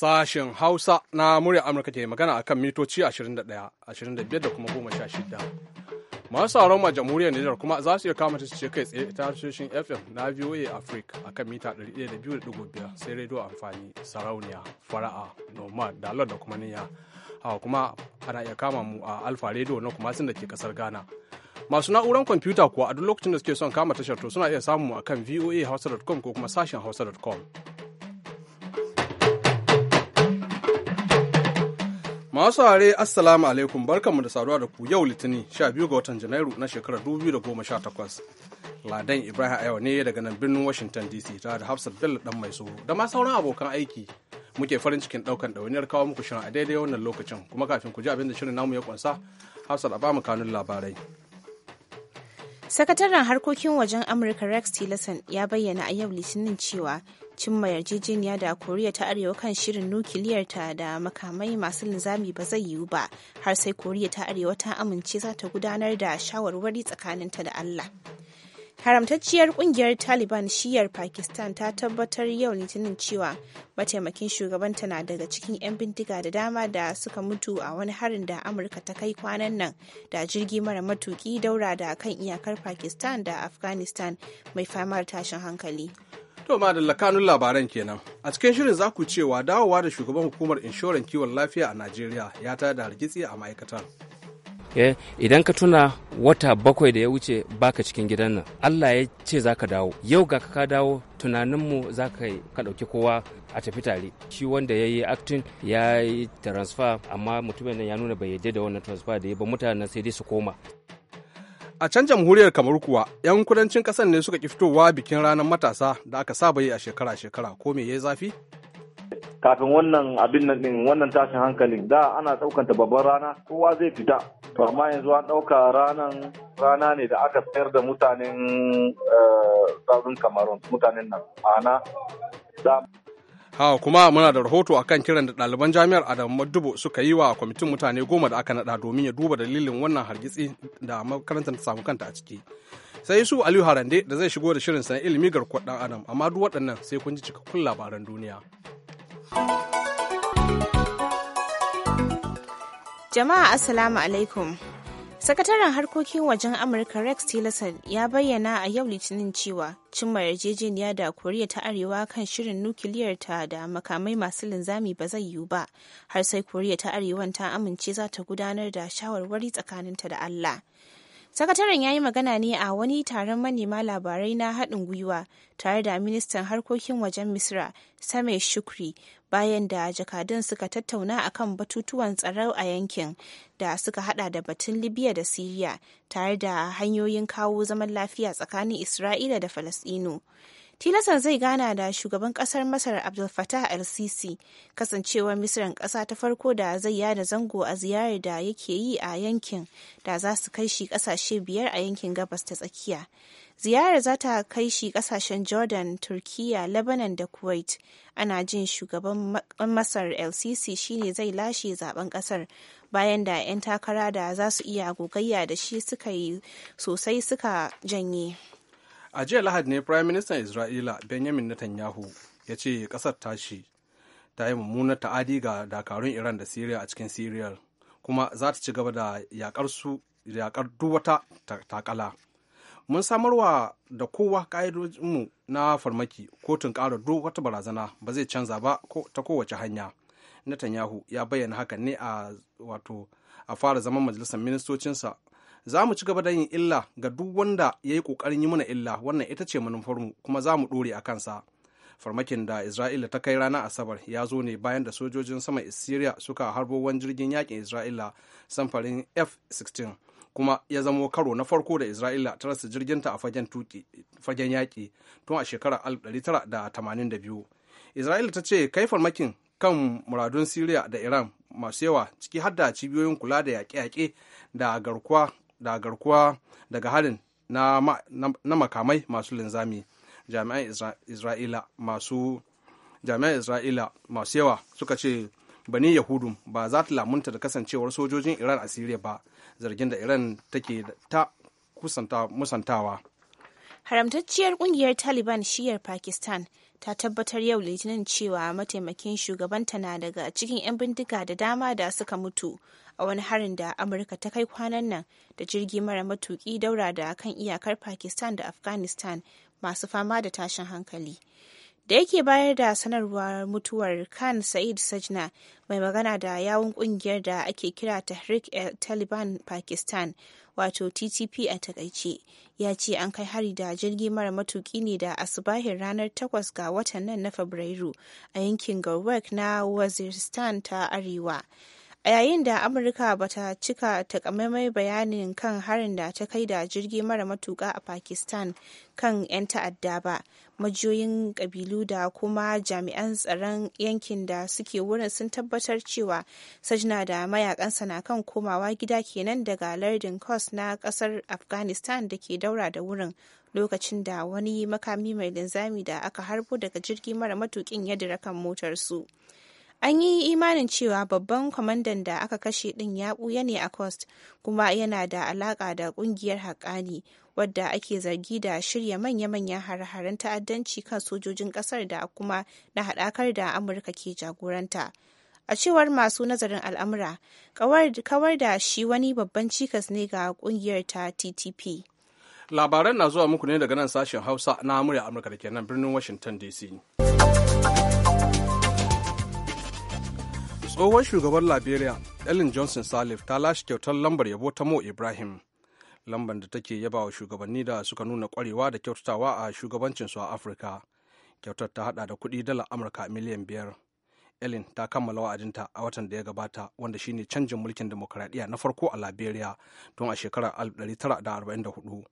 sashen Hausa na murya Amurka ke magana akan mitoci 21, 25 da kuma 16. Masu sauran ma jamhuriyar Nijar kuma za su iya kama ta ce kai tsaye ta tashoshin FM na VOA Africa akan mita 102.5 sai rediyo amfani sarauniya fara'a noma dalar da kuma niyya. Hawa kuma ana iya kama mu a Alfa rediyo na kuma sun da ke kasar Ghana. Masu na'urar kwamfuta kuwa a duk lokacin da suke son kama tashar to suna iya samu akan voahausa.com ko kuma sashen hausa.com. Masu hare Assalamu alaikum barkanmu da saduwa da ku yau Litinin 12 ga watan Janairu na shekarar 2018. Ladan Ibrahim a yau ne daga nan birnin Washington DC tare da Hafsat Bello dan mai tsoro da ma sauran abokan aiki muke farin cikin daukan ɗawainiyar kawo muku shirin a daidai wannan lokacin kuma kafin ku ji abin da shirin namu ya kunsa Hafsat a ba kanun labarai. Sakataren harkokin wajen Amurka Rex Tillerson ya bayyana a yau Litinin cewa cimma yarjejeniya da koriya ta arewa kan shirin nukiliyar ta da makamai masu linzami ba zai yiwu ba har sai koriya ta arewa ta amince za ta gudanar da shawarwari tsakaninta da allah haramtacciyar kungiyar taliban shiyar pakistan ta tabbatar yau litinin cewa mataimakin shugabanta na daga cikin 'yan bindiga da dama da suka mutu a wani harin da amurka ta kai kwanan nan da jirgi mara matuki daura da kan iyakar pakistan da afghanistan mai famar tashin hankali To da lakanun labaran kenan. A cikin shirin za ku cewa dawowa da shugaban hukumar inshoran kiwon lafiya a Najeriya ya tada da hargitsi a ma'aikatan. Eh, idan ka tuna wata bakwai da ya wuce baka cikin gidan nan, Allah ya ce za ka dawo. Yau ga ka dawo tunaninmu za ka ɗauki kowa a tafi tare. Shi wanda ya yi actin ya yi transfer amma mutumin nan ya nuna bai yadda da wannan transfer da ya ba mutanen sai dai su koma. A can jamhuriyar kamar kuwa, 'yan kudancin ƙasar ne suka ƙi fitowa bikin ranar matasa da aka saba yi a shekara-shekara ko me ya zafi? Kafin wannan abin nan ɗin wannan tashin hankalin da ana ɗaukanta babban rana kowa zai fita. To amma yanzu an ɗauka ranan rana ne da aka sayar da mutanen eh, tsarin Kamarun mutanen nan. Ana ha kuma muna da rahoto akan kiran da ɗaliban jami'ar adam madubo suka yi wa kwamitin mutane goma da aka naɗa domin ya duba dalilin wannan hargitsi da makarantar ta samu kanta a ciki sai su aliyu harande da zai shigo da shirin sana ilimi garkuwar ɗan adam amma duk waɗannan sai kun ji cikakkun labaran duniya jama'a assalamu alaikum sakataren harkokin wajen amurka rex tillerson ya bayyana a yau litinin cewa cimma yarjejeniya da koriya ta arewa kan shirin nukiliyar ta da makamai masu linzami ba zai yiwu ba har sai koriya ta arewan ta amince za ta gudanar da shawarwari tsakaninta da allah sakataren ya yi magana ne a wani taron manema labarai na haɗin gwiwa tare da ministan harkokin wajen misra same shukri bayan da jakadun suka tattauna akan batutuwan tsaro a yankin da suka hada da batun libya da siriya tare da hanyoyin kawo zaman lafiya tsakanin isra'ila da falasɗinu tilasar zai gana da shugaban kasar masar abdul fattah el-sisi kasancewar misran kasa ta farko da zai yada zango a ziyarar da yake yi a yankin da za su kai shi kasashe biyar a yankin gabas ta tsakiya ziyarar za ta kai shi kasashen jordan turkiya lebanon da kuwait ana jin shugaban masar lcc shine zai lashe zaben kasar bayan da 'yan takara da za su iya gogayya da shi suka yi sosai suka janye a jiya lahadi ne prime minister isra'ila benjamin netanyahu ya ce kasar tashi ta yi mummunar ta'adi ga dakarun iran da syria a cikin syria kuma za ta ci gaba da yakar su yakar duwata takala mun samarwa da kowa ka'idojinmu na farmaki kotun ƙara duk wata barazana ba zai canza ba ta kowace hanya netanyahu ya bayyana haka ne a wato a fara zaman majalisar ministocinsa za mu ci gaba da yin illa ga duk wanda ya yi ƙoƙarin yi mana illa wannan ita ce manufarmu kuma za mu ɗore a kansa farmakin da isra'ila ta kai ranar asabar ya zo ne bayan da sojojin sama syria suka harbo wani jirgin yakin isra'ila samfarin f-16 kuma ya zamo karo na farko da isra'ila ta rasa ta a fagen yaƙi tun a shekarar 1982 isra'ila ta ce kai farmakin kan muradun syria da iran masu yawa ciki har da cibiyoyin kula da yaƙe-yaƙe da garkuwa da garkuwa daga harin na, makamai masu linzami jami'an isra'ila masu yawa suka ce bani yahudu ba za ta lamunta da kasancewar sojojin iran a siriya ba zargin da iran take ta kusanta musantawa haramtacciyar kungiyar taliban shiyar pakistan ta tabbatar yau litinin cewa mataimakin shugabanta na daga cikin 'yan bindiga da dama da suka mutu a wani harin da amurka ta kai kwanan nan da jirgi mara matuki daura da kan iyakar pakistan da afghanistan masu fama da tashin hankali da yake bayar da sanarwar mutuwar khan sa'id sajna mai magana da yawun kungiyar da ake kira tahrik taliban pakistan wato ttp a takaice ya ce an kai hari da jirgi mara matuki ne da asubahin ranar 8 ga watan nan na fabrairu a yankin gawak na waziristan ta arewa a yayin da amurka ba ta cika takamaimai bayanin kan harin da ta kai da jirgi mara matuka a pakistan kan 'yan ta'adda ba majiyoyin kabilu da kuma jami'an tsaron yankin da suke wurin sun tabbatar cewa sajna da mayakansa na kan komawa gida kenan daga lardin kos na kasar afghanistan da ke daura da wurin lokacin da wani makami mai linzami da aka harbo daga jirgi mara matukin ya dira kan motarsu. An yi imanin cewa babban kwamandan da aka kashe ɗin ya ɓuya ne a Coast kuma yana da alaƙa da ƙungiyar haƙani wadda ake zargi da shirya manya-manyan har haren ta'addanci kan sojojin ƙasar da kuma na haɗakar da Amurka ke jagoranta. A cewar masu nazarin al'amura, kawar da shi wani babban cikas ne ga ƙungiyar ta TTP. Labaran na zuwa muku ne daga nan sashen Hausa na Amurka da ke nan birnin Washington DC. tsohon shugaban liberia ellen johnson salif ta lashe kyautar lambar yabo ta mo ibrahim lambar da take yaba wa shugabanni da suka nuna kwarewa da kyautatawa a shugabancinsu a afirka kyautar ta hada da kuɗi dala amurka miliyan biyar ellen ta kammala wa'adinta a watan da ya gabata wanda shine canjin mulkin demokuraɗiyya na farko a liberia tun a shekarar 1944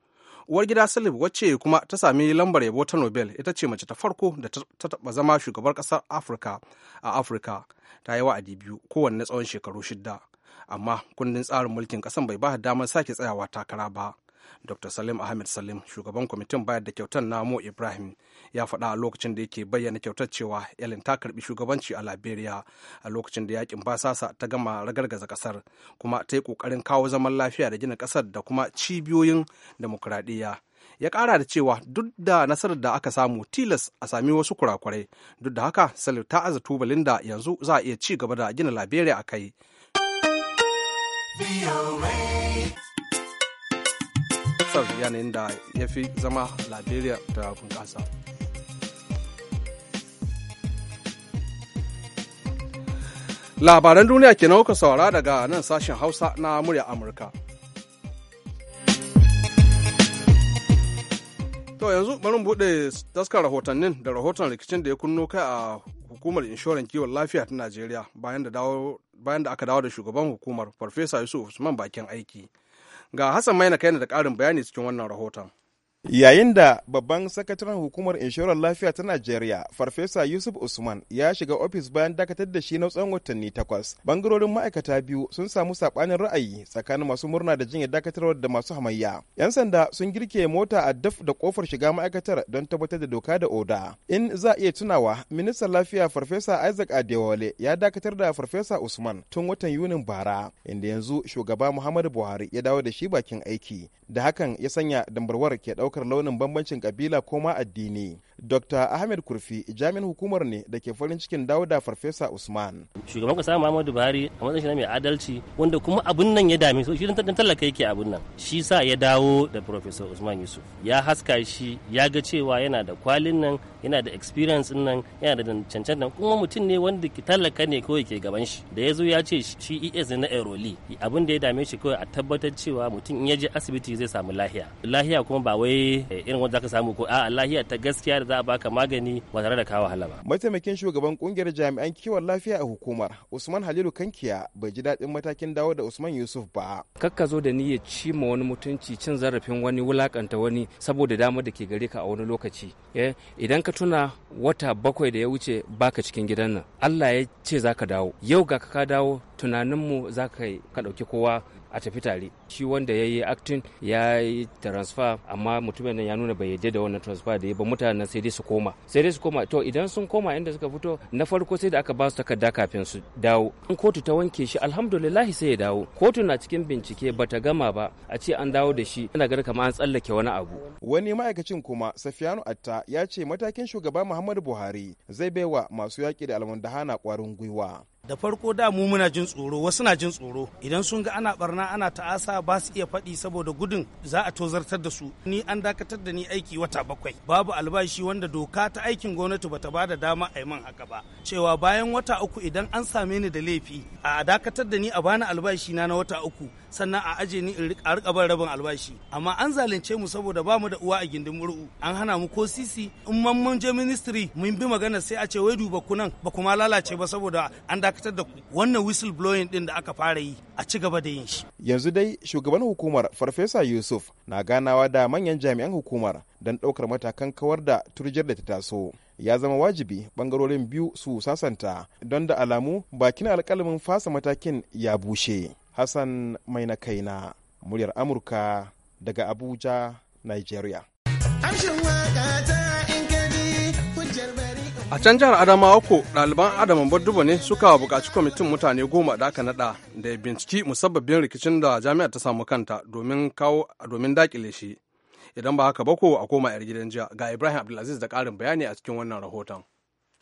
uwar gida salif wacce kuma ta sami lambar yabo ta nobel ita ce mace ta farko da ta taba zama shugabar kasar afirka a afirka ta yi wa'adi biyu kowanne tsawon shekaru shidda amma kundin tsarin mulkin kasan bai ba damar sake tsayawa takara ba dr salim ahmed salim shugaban kwamitin bayar da kyautar na mo ibrahim ya faɗa a lokacin da yake bayyana kyautar cewa ellen ta karbi shugabanci a liberia a lokacin da yakin basasa ta gama ragargaza kasar kuma ta yi kokarin kawo zaman lafiya da gina ƙasar da kuma cibiyoyin demokuraɗiyya ya ƙara da cewa duk da nasarar da aka samu tilas a sami wasu kurakurai duk da haka salim ta aza tubalin da yanzu za a iya ci gaba da gina liberia a kai. kasar yanayin da ya fi zama liberia da bunƙasa labaran duniya ke kuka saura daga nan sashen hausa na murya amurka to yanzu bari mu buɗe taskar rahotannin da rahoton rikicin da ya kunno kai a hukumar inshoran kiwon lafiya ta najeriya bayan da aka dawo da shugaban hukumar farfesa yusuf usman bakin aiki Ga Hassan Maina kai da ƙarin bayani cikin wannan rahoton. Yayin da babban sakataren hukumar inshorar lafiya ta Najeriya, Farfesa Yusuf Usman ya shiga ofis bayan dakatar da shi na tsawon watanni takwas. Bangarorin ma'aikata biyu sun samu saɓanin ra'ayi tsakanin masu murna da jinya dakatarwar da masu hamayya. 'Yan sanda sun girke mota a daf da kofar shiga ma'aikatar don tabbatar da doka da oda. In za iya tunawa, ministan lafiya Farfesa Isaac Adewale ya dakatar da Farfesa Usman tun watan Yunin bara, inda yanzu shugaba Muhammadu Buhari ya dawo da shi bakin aiki. Da hakan ya sanya dambarwar ke dauka. ɗaukar launin bambancin kabila ko ma addini. Dr. Ahmed Kurfi jami'in hukumar ne da ke farin cikin dawo Farfesa Usman. Shugaban kasa Muhammadu Buhari a matsayin mai adalci wanda kuma abun nan ya dame su shi dan talaka yake abun nan. Shi sa ya dawo da Farfesa Usman Yusuf. Ya haska shi ya ga cewa yana da kwalin nan yana da experience nan yana da cancan nan kuma mutum ne wanda ke talaka ne kawai ke gaban shi da ya zo ya ce shi ES na Aeroli abin da ya dame shi kawai a tabbatar cewa mutum in ya je asibiti zai samu lahiya. Lahiya kuma ba wai dai eh, irin wanda zaka samu ko a'a lahiya ta gaskiya da za a baka magani ba tare da kawo wahala ba mataimakin shugaban kungiyar jami'an kiwon lafiya a hukumar Usman Halilu Kankiya bai ji daɗin matakin dawo da Usman Yusuf ba kakka zo da niyyar ci ma wani mutunci cin zarafin wani wulakanta wani saboda damar da ke gare ka a wani lokaci eh, idan ka tuna wata bakwai da ya wuce baka cikin gidan nan Allah ya ce zaka dawo yau ga ka dawo tunaninmu za ka ɗauki kowa a tafi tare shi wanda ya yi actin ya yi transfer amma mutumin nan ya nuna bai yadda da wannan transfer da ya ba mutanen sai dai su koma sai dai su koma to idan sun koma inda suka fito na farko sai da aka ba su takarda kafin su dawo in kotu ta wanke shi alhamdulillahi sai ya dawo kotu na cikin bincike bata gama ba a ce an dawo da shi ina ganin kamar an tsallake wani abu wani ma'aikacin kuma safiyanu atta ya ce matakin shugaba muhammadu buhari zai baiwa masu yaƙi da almundahana kwarin gwiwa da farko da mu muna jin tsoro wasu na jin tsoro idan sun ga ana barna ana ta'asa ba su iya faɗi saboda gudun za a tozartar da su ni an dakatar da ni aiki wata bakwai babu albashi wanda doka ta aikin gwamnati bata ba da dama a yi man haka ba cewa bayan wata uku idan an same ni da laifi a dakatar da ni a bani albashi na na wata uku sannan a aje ni in rika ban rabin albashi amma an zalunce mu saboda bamu da uwa a gindin muru an hana mu ko sisi in man mun je ministry mun bi magana sai a ce wai duba kunan ba kuma lalace ba saboda an dakatar dakatar da wannan whistle blowing din da aka fara yi a ci gaba da yin shi yanzu dai shugaban hukumar farfesa yusuf na ganawa da manyan jami'an hukumar don ɗaukar matakan kawar da turjar da ta taso ya zama wajibi bangarorin biyu su sasanta don da alamu bakin alkalamin fasa matakin ya bushe hassan mai na kai na muryar amurka daga abuja nigeria. a can jihar adamawa ko ɗaliban adamu barduba ne suka buƙaci kwamitin mutane goma da aka naɗa da binciki musabbabin rikicin da jami'a ta samu kanta domin kawo domin dakile shi idan ba haka ba ko a koma yar gidan jiya ga ibrahim abdulaziz da ƙarin bayani a cikin wannan rahoton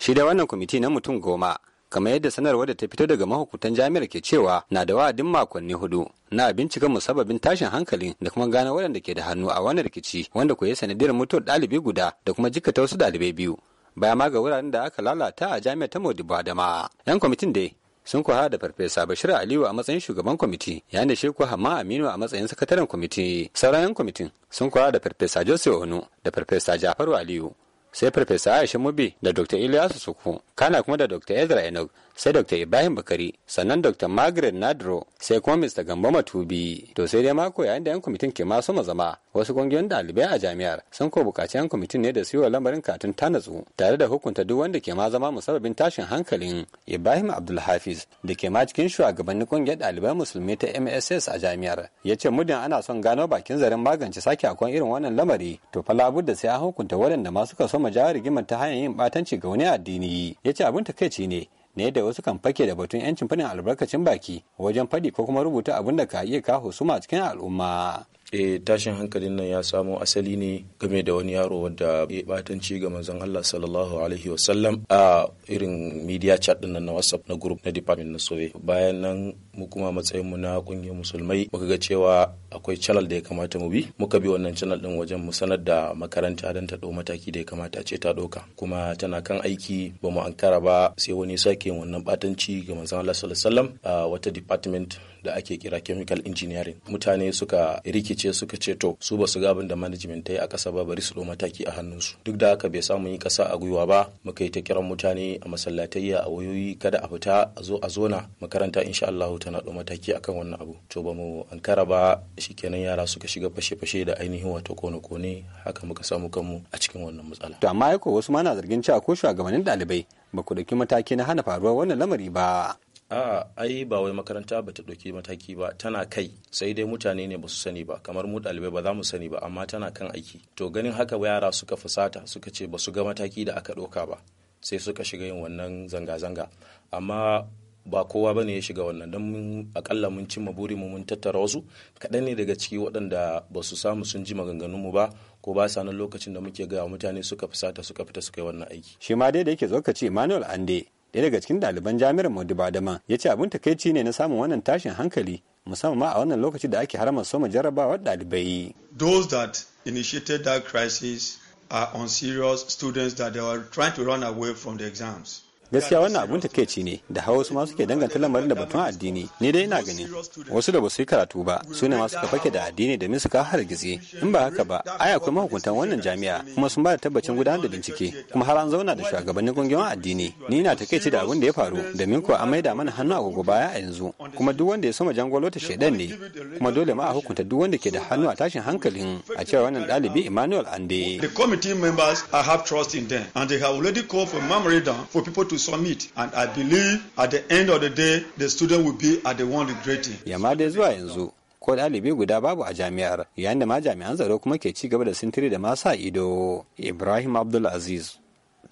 shi da wannan kwamiti na mutum goma kamar yadda sanarwar da ta fito daga mahukutan jami'ar ke cewa na da wa'adin makonni hudu na bincika musabbabin tashin hankali da kuma gano waɗanda ke da hannu a wani rikici wanda ko ya sanadiyar mutuwar ɗalibi guda da kuma jikata wasu ɗalibai biyu baya ma ga wuraren da aka lalata a jami'ar ta Modibo Adama. Yan kwamitin dai sun kuwa da farfesa Bashir Aliyu a matsayin shugaban kwamiti, Ya da shi kuwa Hamma Aminu a matsayin sakataren kwamiti. Sauran yan kwamitin sun kuwa da farfesa Joseph Onu da farfesa Jafaru Aliyu, sai farfesa Aisha Mubi da Dr. Ilyasu Suku, kana kuma da Dr. Ezra Enoch sai dr ibrahim bakari sannan dr margaret nadro sai kuma mr gambo matubi to sai dai mako yayin da yan kwamitin ke masu zama wasu kungiyoyin dalibai a jami'ar sun ko bukaci yan kwamitin ne da su yi lamarin katun ta natsu tare da hukunta duk wanda ke ma zama musababin tashin hankalin ibrahim abdulhafiz da ke ma cikin shugabannin kungiyar dalibai musulmi ta mss a jami'ar ya ce muddin ana son gano bakin zaren magance sake akwai irin wannan lamari to fa da sai an hukunta waɗanda ma suka so ma jawo rigimar ta hanyar yin ɓatanci ga wani addini ya ce abin takaici ne ne da wasu kan fake da batun yancin faɗin albarkacin baki wajen faɗi ko kuma rubuta abin da ka iya kawo suma cikin al'umma e tashin hankalin nan ya samo asali ne game da wani yaro wadda ya batanci ga manzon Allah sallallahu alaihi wasallam a irin media chat din nan na WhatsApp na group na department na Sowe bayan nan mu kuma matsayin mu na kungiyar musulmai muka ga cewa akwai channel da ya kamata mu bi muka bi wannan channel din wajen mu sanar da makaranta don ta dau mataki da ya kamata ce ta doka kuma tana kan aiki ba mu ankara ba sai wani sake wannan batanci ga manzon Allah sallallahu alaihi wasallam a wata department da ake kira chemical engineering mutane suka rikice suka ce to su ba su abin da management ta yi a kasa ba bari su ɗau mataki a hannunsu duk da haka bai samu yi kasa a gwiwa ba muka yi ta kiran mutane a masallatayya a wayoyi kada a fita a zo a zona makaranta insha Allah tana ɗau mataki akan wannan abu to ba mu ankara ba kenan yara suka shiga fashe-fashe da ainihin wato kone-kone haka muka samu kanmu a cikin wannan matsala. To amma yako wasu ma na zargin cewa ko shugabannin ɗalibai ba ku ɗauki mataki na hana faruwar wannan lamari ba. a'a ai ba wai makaranta ba ta ɗauki mataki ba tana kai sai dai mutane ne ba su sani ba kamar mu ɗalibai ba za mu sani ba amma tana kan aiki to ganin haka yara suka fusata suka ce ba su ga mataki da aka ɗauka ba sai suka shiga yin wannan zanga-zanga amma ba kowa ba ne ya shiga wannan don mun akalla mun cimma mu mun tattara wasu kaɗan ne daga ciki waɗanda ba su samu sun ji maganganun mu ba ko ba sa lokacin da muke gaya mutane suka fusata suka fita suka yi wannan aiki. shi ma dai da yake ce emmanuel ande ɗaya daga cikin ɗaliban jami'ar modibo adama ya ce abin takaici ne na samun wannan tashin hankali musamman ma a wannan lokaci da ake harama soma jarrabawar ɗalibai those that initiated that crisis are on serious students that they were trying to run away from the exams gaskiya wannan abun takeici ne da hawa wasu ma ke danganta lamarin da batun addini ni dai ina gani wasu da ba su yi karatu ba su ne masu kafa fake da addini min su kawo gizi in ba haka ba ai akwai mahukuntan wannan jami'a kuma sun ba da tabbacin gudanar da bincike kuma har an zauna da shugabannin kungiyoyin addini ni ina takeici da abun da ya faru da domin kuwa an maida mana hannu a gogo baya a yanzu kuma duk wanda ya soma jangolo ta shaidan ne kuma dole ma a hukunta duk wanda ke da hannu a tashin hankalin a cewa wannan ɗalibi Emmanuel Ande. The committee members I have trust in them and they have already called for memorandum for people to submit and I believe at the end of the day the student will be at the one regretting. Yamma dai zuwa yanzu ko ɗalibi guda babu a jami'ar yayin da ma jami'an tsaro kuma ke ci gaba da sintiri da masa ido Ibrahim Abdul Aziz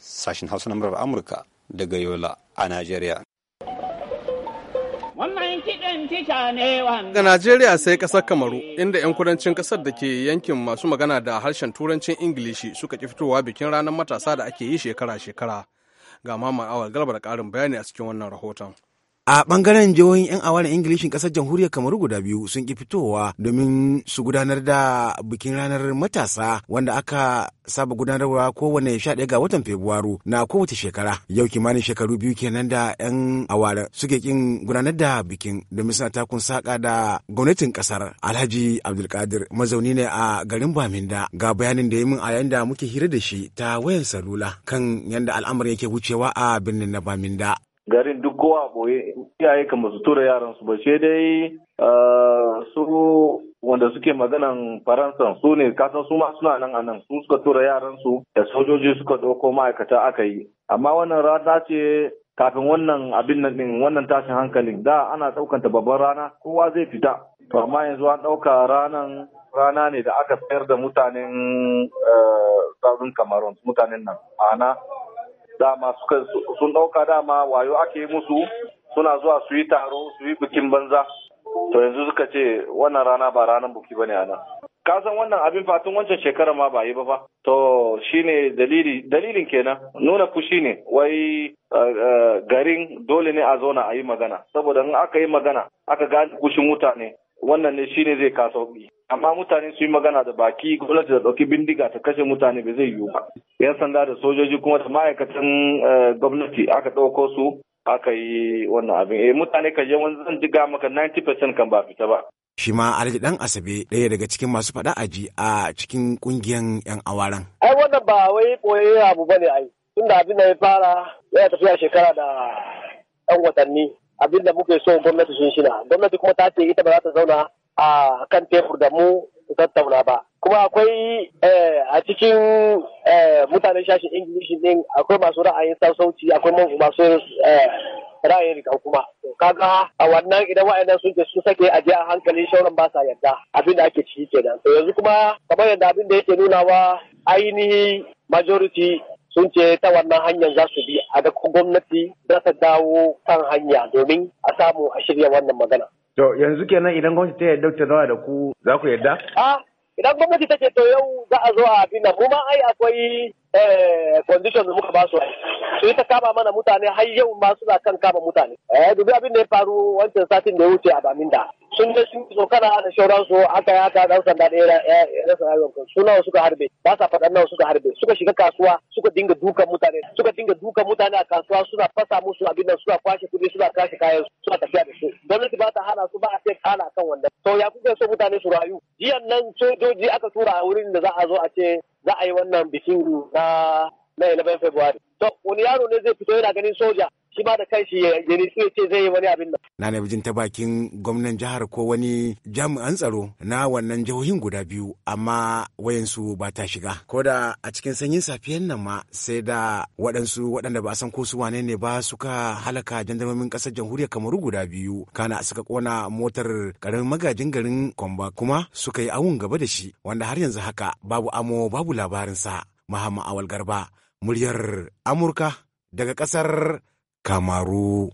sashin Hausa na Amurka daga Yola a Najeriya. Da Najeriya sai ƙasar Kamaru, inda 'yan kudancin ƙasar da ke yankin masu magana da harshen Turancin Ingilishi suka ƙi fitowa bikin ranar matasa da ake yi shekara-shekara. ga mama awal galbar karin bayani a cikin wannan rahoton A bangaren jihohin 'yan awarin Ingilishin ƙasar jamhuriyar Kamaru guda biyu sun ki fitowa domin su gudanar da bikin ranar matasa wanda aka saba gudanarwa kowane 11 ga watan Fabrairu na kowace shekara. Yau kimanin shekaru biyu kenan da 'yan awara suke kin gudanar da bikin domin suna takun saƙa da gwamnatin ƙasar. Alhaji Abdulkadir mazauni ne a garin Baminda ga bayanin da ya min a yayin da muke hira da shi ta wayan salula kan yadda al'amarin yake wucewa a birnin na Baminda. garin duk kowa boye iyaye kan ba su tura yaran su ba sai dai ah, su wanda suke maganan Faransa su ne kasan su ma suna nan anan su suka tura yaran su da sojoji suka ɗauko ma'aikata aka yi amma wannan rana ce kafin wannan abin nan din wannan tashin hankalin da ana ɗaukanta babban rana kowa zai fita to amma yanzu an ɗauka ranan rana ne da aka sayar da mutanen eh, tsarin kamarun mutanen nan ana dama sun ɗauka dama wayo ake musu suna zuwa su yi taro su yi bikin banza to yanzu suka ce wannan rana ba ranar buki bane a nan ka san wannan abin fatun wancan shekara ma ba yi ba to shine dalili dalilin kenan nuna fushi ne wai eh, eh, garin dole ne a zauna a yi magana saboda in aka yi magana aka gane kushin mutane wannan ne shine zai kasa sauki amma mutane su yi magana da baki gwamnati da ɗauki bindiga ta kashe mutane ba zai yiwu ba yan sanda da sojoji kuma da ma'aikatan eh, gwamnati aka ɗauko su aka yi wannan abin eh mutane kan yawan zan diga maka 90% kan ba fita ba shi ma alhaji dan asabe ɗaya daga cikin masu faɗa aji a cikin kungiyan yan awaran ai wannan ba wai boye abu bane ai tunda abin da ya fara yana tafiya shekara da 'yan watanni abin da muke so gwamnati sun shina gwamnati kuma ta ce ita ba za ta zauna a kan tebur da mu tattauna ba kuma akwai eh, a cikin eh, mutanen shashin ingilishi din akwai masu ra'ayin sassauci akwai masu eh, ra'ayin rika kuma kaga a wannan idan wa'annan sun ke su sake a a hankali shauran ba sa yarda abin da ake ciki kenan to yanzu kuma kamar yadda abin da yake nunawa ainihi majority sun ce ta wannan hanyar za su bi a da gwamnati za ta dawo kan hanya domin a samu a shirya wannan magana. To yanzu kenan idan gwamnati ta yarda ta da ku za ku yarda? idan gwamnati ta to yau za a zo a abin nan mu ma ai akwai eh, condition da muka ba su su ta kama mana mutane har yau ma suna kan kama mutane eh dubi abin da ya faru wancan satin da ya wuce a Baminda sun je sun zo kana da shauran su aka ya ka dan sanda da ya rasa rayuwar su nawa suka harbe ba sa faɗan nawa suka harbe suka shiga kasuwa suka dinga dukan mutane suka dinga dukan mutane a kasuwa suna fasa musu abin nan suna kwashe kudi, suna kashe kayan suna tafiya da su gwamnati ba ta hana su ba a sai kana kan wanda to ya kuka so mutane su rayu jiyan nan sojoji aka tura a wurin da za a zo a ce za a yi wannan bikin na na 11 February to wani yaro ne zai fito yana ganin soja shi ba da kanshi ya nisu ce zai yi wani abin da. Na na bijin ta bakin gwamnan jihar ko wani jami'an tsaro na wannan jihohin guda biyu amma wayansu ba ta shiga. Ko da a cikin sanyin safiyan nan ma sai da waɗansu waɗanda ba a san ko su wane ne ba suka halaka jandarmomin ƙasar jamhuriyar Kamaru guda biyu. Kana suka kona motar ƙaramin magajin garin Kwamba kuma suka yi awun gaba da shi wanda har yanzu haka babu amo babu labarinsa. Muhammad Awal Garba, muryar Amurka daga ƙasar kamaru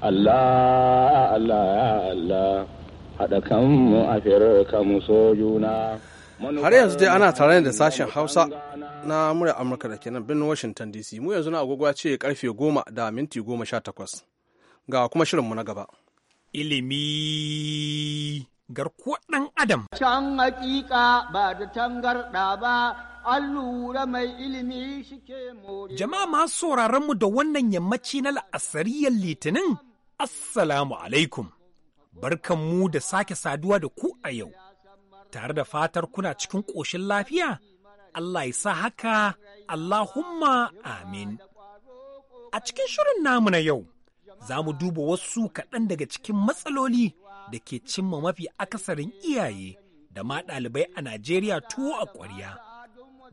Allah Allah Allah haɗa kanmu a kanmu so juna har yanzu dai ana tare da sashen hausa na muryar amurka da kenan birnin washington dc mu yanzu na agogo ce karfe goma da minti goma sha takwas ga kuma shirinmu na gaba ilimi garkuwa ɗan adam can hakika ba da tangarɗa ba allura mai ilimi shi ke more. Jama'a masu sauraron mu da wannan yammaci na la'asariyar litinin, Assalamu alaikum, barkan mu da sake saduwa da ku a yau, tare da fatar kuna cikin ƙoshin lafiya, Allah ya sa haka, Allahumma amin. A cikin shirin namu na yau, za mu duba wasu kaɗan daga cikin matsaloli da ke cimma mafi akasarin iyaye da ma ɗalibai a Najeriya tuwo a ƙwarya.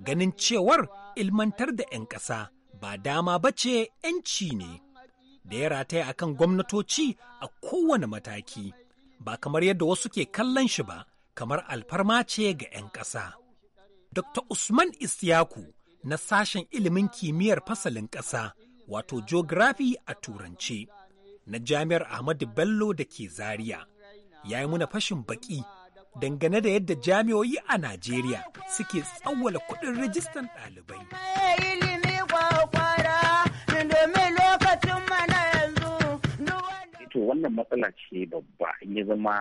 ganin cewar ilmantar da 'yan ƙasa ba dama ba ce 'yanci ne da ya rataya a kan gwamnatoci a kowane mataki ba kamar yadda wasu ke kallon shi ba kamar alfarma ce ga 'yan ƙasa. Dr. Usman Isyaku na sashen ilimin kimiyyar fasalin ƙasa wato geography a turance na jami'ar Ahmadu Bello da ke Zaria ya yi muna fashin baƙi dangane da yadda jami'o'i a Najeriya suke tsawwala kuɗin rajistan ɗalibai. to wannan matsala ce babba in ya zama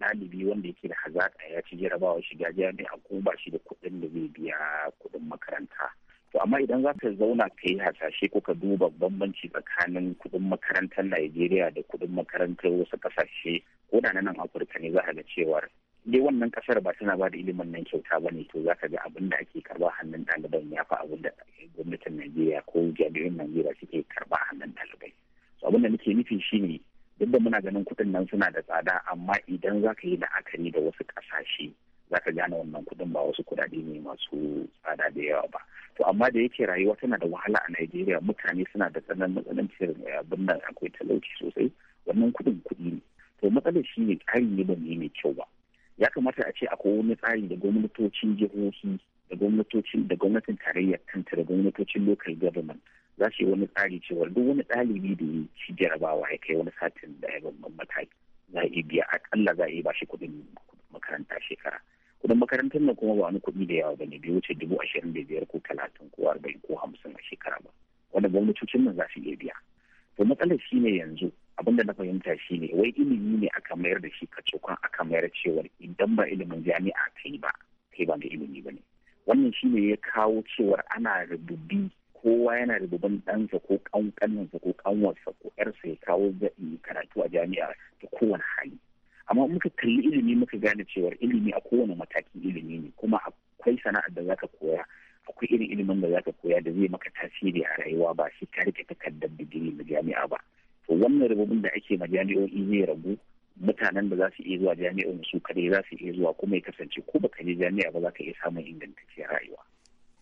ɗalibi wanda yake da hazaƙa ya ci jarabawa shiga jami'a ko ba shi da kuɗin da zai biya kuɗin makaranta to amma idan za ka zauna ka yi hasashe ko ka duba bambanci tsakanin kuɗin makarantar najeriya da kuɗin makarantar wasu ƙasashe ko da nan afirka ne za ka ga cewar dai wannan kasar ba tana ba da ilimin nan kyauta ba ne to za ka ga abin da ake karba hannun ɗaliban ya fi abin da gwamnatin najeriya ko jami'in najeriya suke karba hannun ɗalibai so abin da nake nufi shine duk da muna ganin kuɗin nan suna da tsada amma idan za ka yi la'akari da wasu ƙasashe za ka gane wannan kuɗin ba wasu kuɗaɗe ne masu tsada da yawa ba to amma da yake rayuwa tana da wahala a najeriya mutane suna da tsananin matsanancin eh, abin nan akwai talauci sosai wannan kuɗin kuɗi ne to matsalar shi ne tsari ne ba mai kyau ba ya kamata a ce akwai wani tsari da gwamnatocin jihohi da gwamnatocin da gwamnatin tarayyar kanta da gwamnatocin local government za su yi wani tsari cewa duk wani ɗalibi da ya ci jarabawa ya kai wani satin da ya babban mataki za a iya biya akalla za a iya ba shi kuɗin makaranta shekara kudin makarantar nan kuma ba wani kuɗi da yawa bane biyu wuce dubu ashirin da biyar ko talatin ko arba'in ko hamsin a shekara ba wanda gwamnatocin nan za su iya biya to matsalar shi ne yanzu abin da na fahimta shi ne wai ilimi ne aka mayar da shi kacokan aka mayar cewar idan ba ilimin jami'a ta yi ba kai ba ga ilimi ba ne wannan shi ne ya kawo cewar ana rububi kowa yana rububin ɗansa ko ƙanƙaninsa ko ƙanwarsa ko ƴarsa ya kawo karatu a jami'a ta kowane hali amma muka kalli ilimi muka gane cewar ilimi a kowane matakin ilimi ne kuma akwai sana'ar da za ka koya akwai irin ilimin da za ka koya da zai maka tasiri a rayuwa ba shi ka rike takardar digiri na jami'a ba wannan rububin da ake ma jami'o'i zai ragu mutanen da za su iya zuwa jami'o'in su kare za su iya zuwa kuma ya kasance ko baka je jami'a ba za ka iya samun ingantacciyar rayuwa.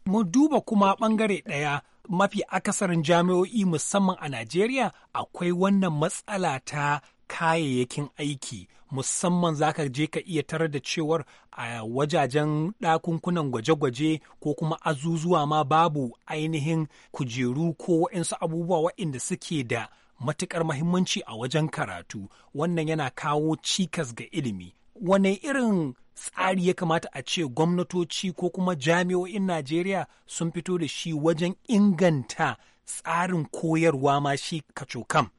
Mu duba kuma bangare ɗaya mafi akasarin jami'o'i musamman a Najeriya akwai wannan matsala ta kayayyakin aiki musamman zaka je ka iya tarar da cewar a wajajen ɗakunkunan gwaje-gwaje ko kuma azuzuwa ma babu ainihin kujeru ko waɗansu abubuwa waɗanda suke da matuƙar mahimmanci a wajen karatu wannan yana kawo cikas ga ilimi wane irin tsari ya kamata a ce gwamnatoci ko kuma jami'o'in najeriya sun fito da shi wajen inganta tsarin koyarwa ma shi kacokam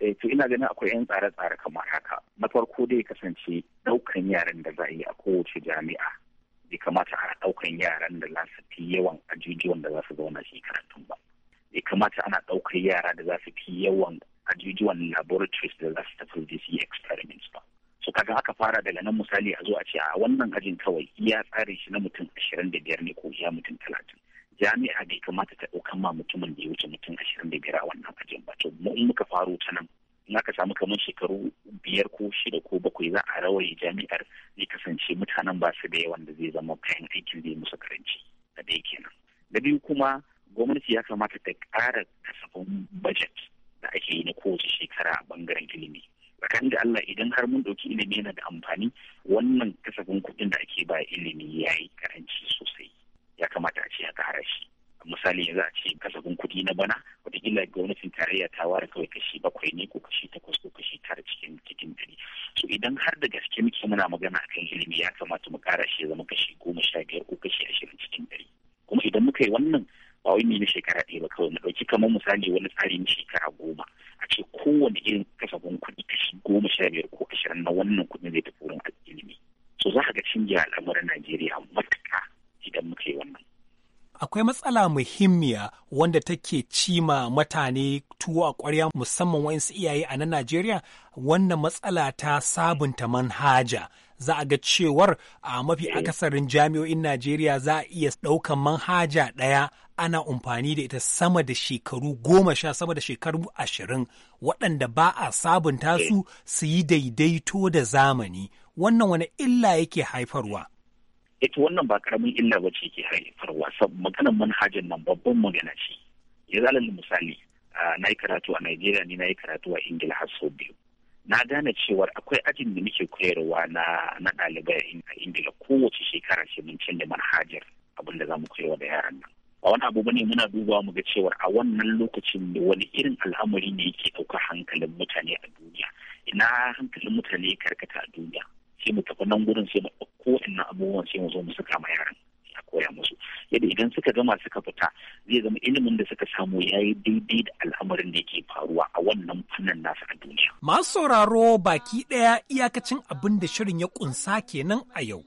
eh, to ina ganin akwai 'yan tsare-tsare kamar haka na farko dai kasance daukan yaran da za a yi a kowace jami'a bai kamata a daukan yaran da za su fi yawan ajujuwan da za su zauna shi karatun ba ya kamata ana ɗaukar yara da za su fi yawan ajujuwan laboratories da za su tafi da su yi experiments ba so kaga aka fara daga nan misali a zo a ce a wannan ajin kawai iya tsarin shi na mutum ashirin da biyar ne ko iya mutum talatin jami'a bai kamata ta ɗaukan ma mutumin da ya wuce mutum ashirin da biyar a wannan ajin ba to mu in muka faro ta nan in aka samu kamar shekaru biyar ko shida ko bakwai za a rawaye jami'ar zai kasance mutanen ba su da yawan da zai zama kayan aikin zai musu karanci da dai kenan da biyu kuma gwamnati ya kamata ta ƙara kasafin budget da ake yi na kowace shekara a bangaren ilimi bakan da Allah idan har mun ɗauki ilimi yana da amfani wannan kasafin kuɗin da ake ba ilimi ya yi karanci sosai ya kamata a ce ya ƙara shi misali yanzu a ce kasafin kuɗi na bana wataƙila gwamnatin tarayya ta ware kawai kashi bakwai ne ko kashi takwas ko kashi tara cikin cikin dari so idan har da gaske muke muna magana akan ilimi ya kamata mu ƙara shi ya zama kashi goma sha biyar ko kashi ashirin cikin dari kuma idan muka yi wannan ba wai na shekara ɗaya ba kawai mu ɗauki kamar misali wani tsari na shekara goma a ce kowane irin kasafin kuɗi kashi goma sha biyar ko ashirin na wannan kuɗin zai tafi wurin ilimi so za ka ga canja al'amuran Najeriya matuƙa idan muka wannan. Akwai matsala muhimmiya wanda take cima mutane tuwo a kwarya musamman wa'insu iyaye a nan Najeriya wannan matsala ta sabunta manhaja za a ga cewar a mafi eh. akasarin jami'o'in Najeriya za a iya ɗaukan manhaja ɗaya ana amfani da ita sama da shekaru goma sha sama da shekaru ashirin waɗanda ba a sabunta su su yi daidaito da zamani wannan wani illa yake haifarwa ita eh, wannan ba karamin illa ba ce ke haifarwa sab maganar manhajar nan babban magana ce ya zalal misali na yi karatu a Najeriya ne na yi karatu a Ingila har sau biyu na gane cewar akwai ajin da muke koyarwa na na ɗalibai a Ingila kowace shekara ce mun canza manhajar abin da za mu koyarwa da yaran nan ba wani abu bane muna dubawa mu ga cewar a wannan lokacin da wani irin al'amari ne yake ɗaukar hankalin mutane a duniya ina hankalin mutane ya karkata a duniya sai mu tafi nan gurin sai mu ɗauko wa'annan abubuwan sai mu zo mu saka ma yaran a koya musu yadda idan suka gama suka fita zai zama ilimin da suka samu ya yi daidai da al'amarin da yake faruwa a wannan fannin nasu a duniya. Masu sauraro baki ɗaya iyakacin abin da shirin ya ƙunsa kenan a yau.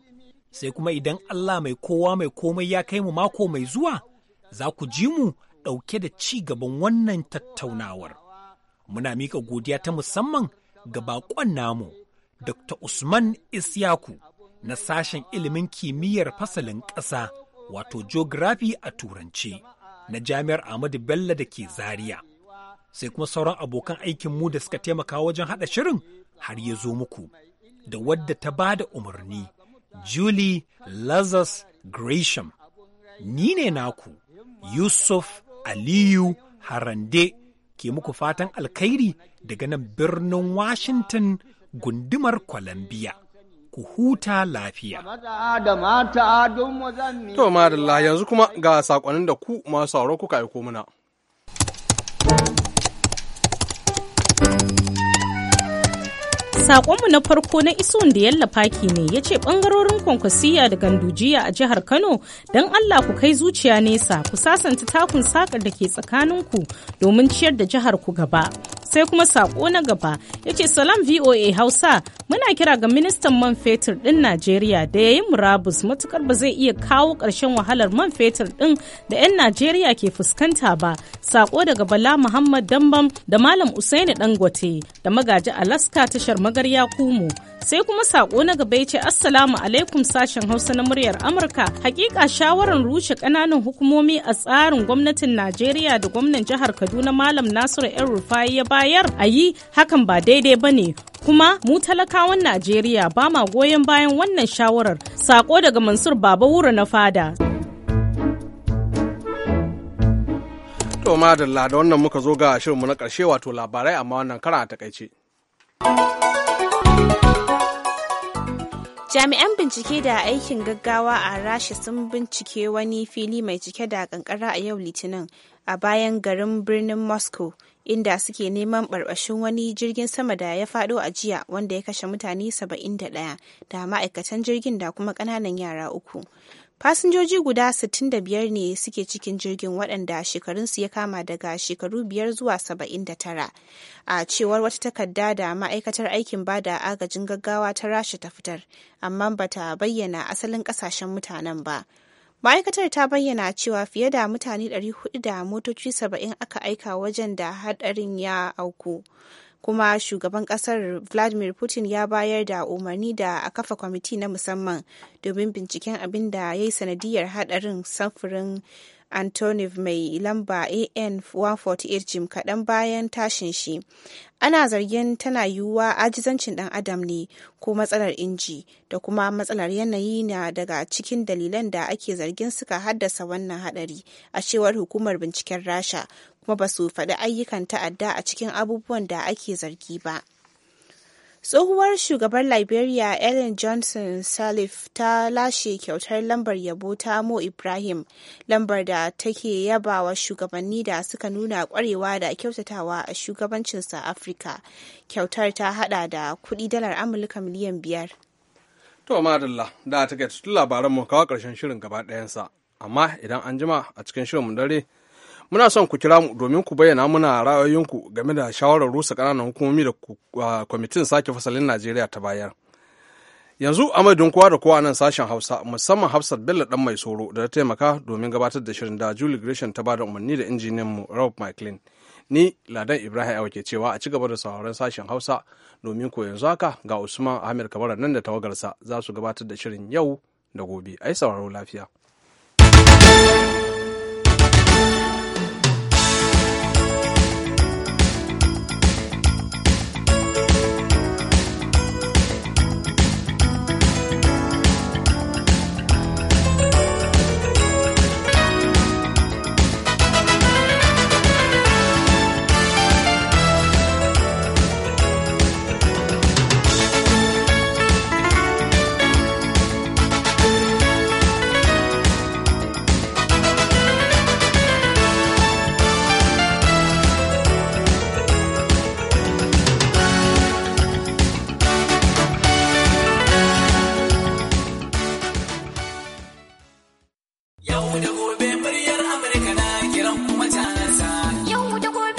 Sai kuma idan Allah mai kowa mai komai ya kai mu mako mai zuwa za ku ji mu ɗauke da ci gaban wannan tattaunawar. Muna mika godiya ta musamman ga baƙon namu, Dr. Usman Isyaku na sashen ilimin kimiyyar fasalin ƙasa wato geography a Turanci na Jami'ar Ahmadu Bello da ke Zaria. Sai kuma sauran abokan aikin mu da suka taimaka wajen haɗa shirin har ya zo muku, da wadda ta ba da umarni, Julie Lazarus Gresham. Ni ne naku. Yusuf Aliyu Harande ke muku fatan alkhairi daga nan birnin Washington gundumar Columbia. Ku huta lafiya. To, madalla yanzu kuma ga saƙonin da ku masu sauro kuka aiko mana. Sakonmu na farko na isun da yallafaki ne ya ce bangarorin kwankwasiya da gandujiya a jihar Kano don Allah ku kai zuciya nesa ku sasanta takun sakar da ke tsakaninku domin ciyar da jihar ku gaba. Sai kuma sako na gaba ya ce salam VOA Hausa muna kira ga ministan man fetur ɗin Najeriya da ya yi murabus matukar ba zai iya kawo ƙarshen wahalar man fetur ɗin da 'yan Najeriya ke fuskanta ba. Sako daga Bala Muhammad Dambam da Malam Usaini Dangote da magaji Alaska tashar magarya Kumo. sai kuma sako na gaba ya ce assalamu alaikum sashen hausa na muryar amurka hakika shawarar rushe kananan hukumomi a tsarin gwamnatin najeriya da gwamnan jihar kaduna malam nasiru yan rufai ya bayar a yi hakan ba da daidai ba ne kuma mu talakawan najeriya ba ma goyon bayan wannan shawarar sako daga mansur baba wura na fada to madalla da wannan muka zo ga shirinmu na karshe wato labarai amma wannan kara a takaice jami'an bincike da aikin gaggawa a rasha sun bincike wani fili mai cike da kankara a yau litinin a bayan garin birnin moscow inda suke neman barbashin wani jirgin sama da ya fado a jiya wanda ya kashe mutane 71 da ma'aikatan jirgin da kuma kananan yara uku Fasinjoji guda 65 ne suke cikin jirgin waɗanda shekarunsu ya kama daga shekaru biyar zuwa 79. A cewar wata takarda da ma'aikatar aikin bada agajin gaggawa ta rasha ta fitar, amma bata bayyana asalin ƙasashen mutanen ba. ma'aikatar ta bayyana cewa fiye da mutane 400 da motoci 70 aka aika wajen da hadarin ya auku kuma shugaban kasar vladimir putin ya bayar da umarni da a kafa kwamiti na musamman domin binciken abin da ya yi sanadiyar hadarin samfurin Antoniv mai lamba AN 148 jim kaɗan bayan tashin shi. Ana zargin tana yiwuwa ajizancin ɗan adam ne ko matsalar inji da kuma matsalar yanayi na daga cikin dalilan da ake zargin suka haddasa wannan haɗari a cewar hukumar binciken Rasha kuma ba su faɗi ayyukan ta'adda a cikin abubuwan da ake zargi ba. Tsohuwar shugabar Liberia Ellen Johnson salif ta lashe kyautar lambar yabo ta Mo Ibrahim, lambar da take yabawa shugabanni da suka nuna kwarewa da kyautatawa a shugabancinsa Afirka. Kyautar ta hada da kudi dalar Amurka miliyan biyar. To madalla da ta labaran mu kawo karshen shirin gaba ɗayansa, amma idan an jima a cikin shirin dare muna son ku kira mu domin ku bayyana muna ra'ayoyinku game da shawarar rusa ƙananan hukumomi da kwamitin sake fasalin najeriya ta bayar yanzu a madadin kowa da kowa nan sashen hausa musamman hafsat bello dan mai soro da ta taimaka domin gabatar da shirin da julie gresham ta bada umarni da injiniyan mu rob mclean ni ladan ibrahim awa ke cewa a ci gaba da sauraron sashen hausa domin ko yanzu haka ga usman ahmed kabara nan da tawagarsa za su gabatar da shirin yau da gobe ai sauraro lafiya